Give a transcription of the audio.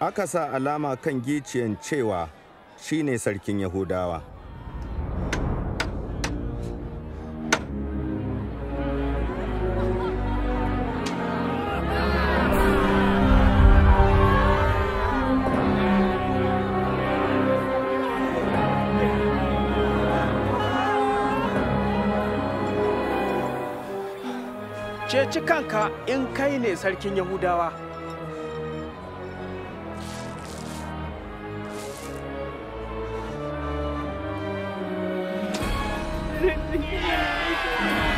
aka sa alama kan giciyan cewa shi ne sarkin Yahudawa. ci kanka in kai ne sarkin Yahudawa. didn't.